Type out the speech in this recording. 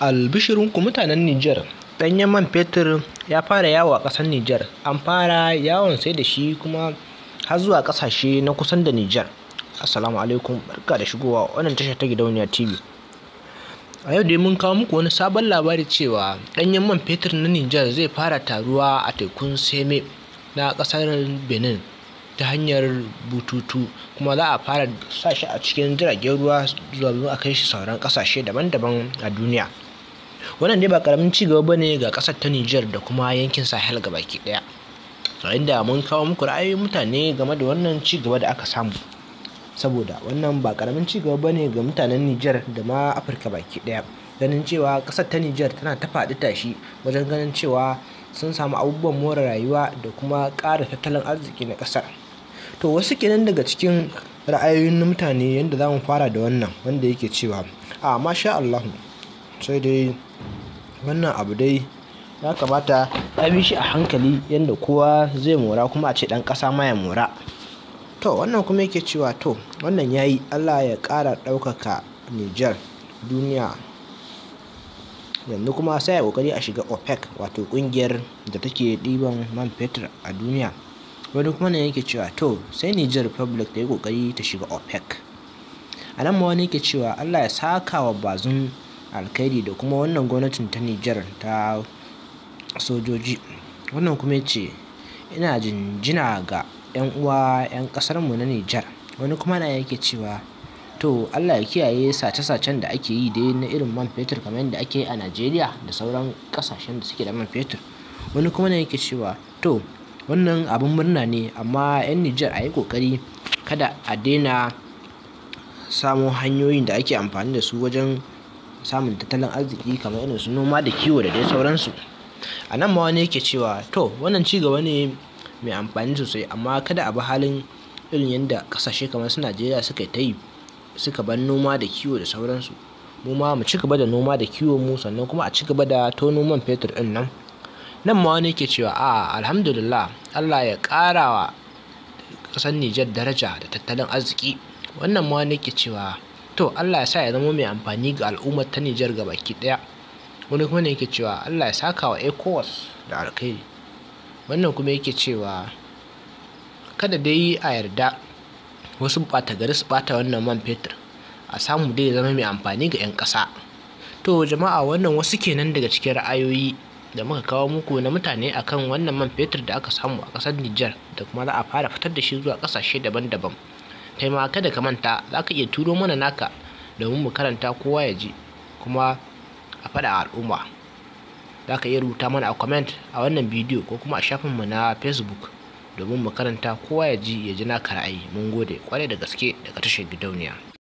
albishirinku mutanen Nijar ɗanyen man fetur ya fara yawo a ƙasar Nijar an fara yawon sai da shi kuma har zuwa ƙasashe na kusan da Nijar assalamu alaikum barka da shigowa wannan tashar ta gidauniya TV a yau dai mun kawo muku wani sabon labari cewa ɗanyen man fetur na Nijar zai fara taruwa a tekun Seme na ƙasar Benin ta hanyar bututu kuma za a fara sa shi a cikin jiragen ruwa zuwa a kai shi sauran ƙasashe daban-daban a duniya wannan ne ba karamin ci gaba bane ga kasar ta Niger da kuma yankin Sahel gabaki daya yayin da mun kawo muku ra'ayoyin mutane game da wannan ci gaba da aka samu saboda wannan ba karamin cigaba gaba bane ga mutanen Niger da ma Afirka baki daya ganin cewa kasar ta Niger tana ta faɗi tashi wajen ganin cewa sun samu abubuwan more rayuwa da kuma ƙara tattalin arziki na kasar to wasu kenan daga cikin ra'ayoyin mutane yadda za mu fara da wannan wanda yake cewa a ah, masha Allahu sai dai Wannan abu dai ya kamata a bi shi a hankali yadda kowa zai mora kuma a ce dan ƙasa ma ya mora. To wannan kuma yake cewa to wannan ya yi Allah ya kara ɗaukaka Nijar duniya. Yanzu kuma sai a yi a shiga OPEC wato ƙungiyar da take ɗiban man fetur a duniya. Wani kuma ne yake cewa to sai Niger Republic ta yi ƙoƙari ta shiga OPEC. A nan ma wani yake cewa Allah ya saka wa bazin alkhairi da kuma wannan gwamnatin ta Nijar ta sojoji. Wannan kuma ya ce ina jinjina ga 'yan uwa 'yan mu na Nijar. Wani kuma na yake cewa to Allah ya kiyaye sace-sacen da ake yi dai na irin man fetur kamar yadda ake yi a Najeriya da sauran kasashen da suke da man fetur. Wani kuma na yake cewa to wannan abin murna ne amma 'yan Nijar a yi ƙoƙari kada a daina samo hanyoyin da ake amfani da su wajen samun tattalin arziki kamar irin su noma da kiwo da dai sauransu a nan ma wani yake cewa to wannan cigaba ne mai amfani sosai amma kada a bi halin irin yadda kasashe kamar su najeriya suka ta yi suka bar noma da kiwo da sauransu mu ma mu ci gaba da noma da kiwo mu sannan kuma a ci gaba da tono man fetur din nan nan ma wani yake cewa a alhamdulillah allah ya ƙara wa ƙasar nijar daraja da tattalin arziki wannan ma wani yake cewa to Allah ya sa ya zama mai amfani ga al'ummar ta Nijar ga baki ɗaya wani kuma ne yake cewa Allah ya saka wa ECOWAS da alkhairi wannan kuma yake cewa kada dai a yarda wasu bata gari su bata wannan man fetur a samu dai ya zama mai amfani ga 'yan ƙasa to jama'a wannan wasu kenan daga cikin ra'ayoyi da muka kawo muku na mutane akan wannan man fetur da aka samu a ƙasar Nijar da kuma za a fara fitar da shi zuwa ƙasashe daban-daban kai ma kada ka manta za ka iya turo mana naka domin mu karanta kowa ya ji kuma a faɗa a al'umma za ka iya rubuta mana a comment a wannan bidiyo ko kuma a shafinmu na facebook domin mu karanta kowa ya ji ya ji naka ra'ayi mun gode kwarai da gaske daga tashar gidauniya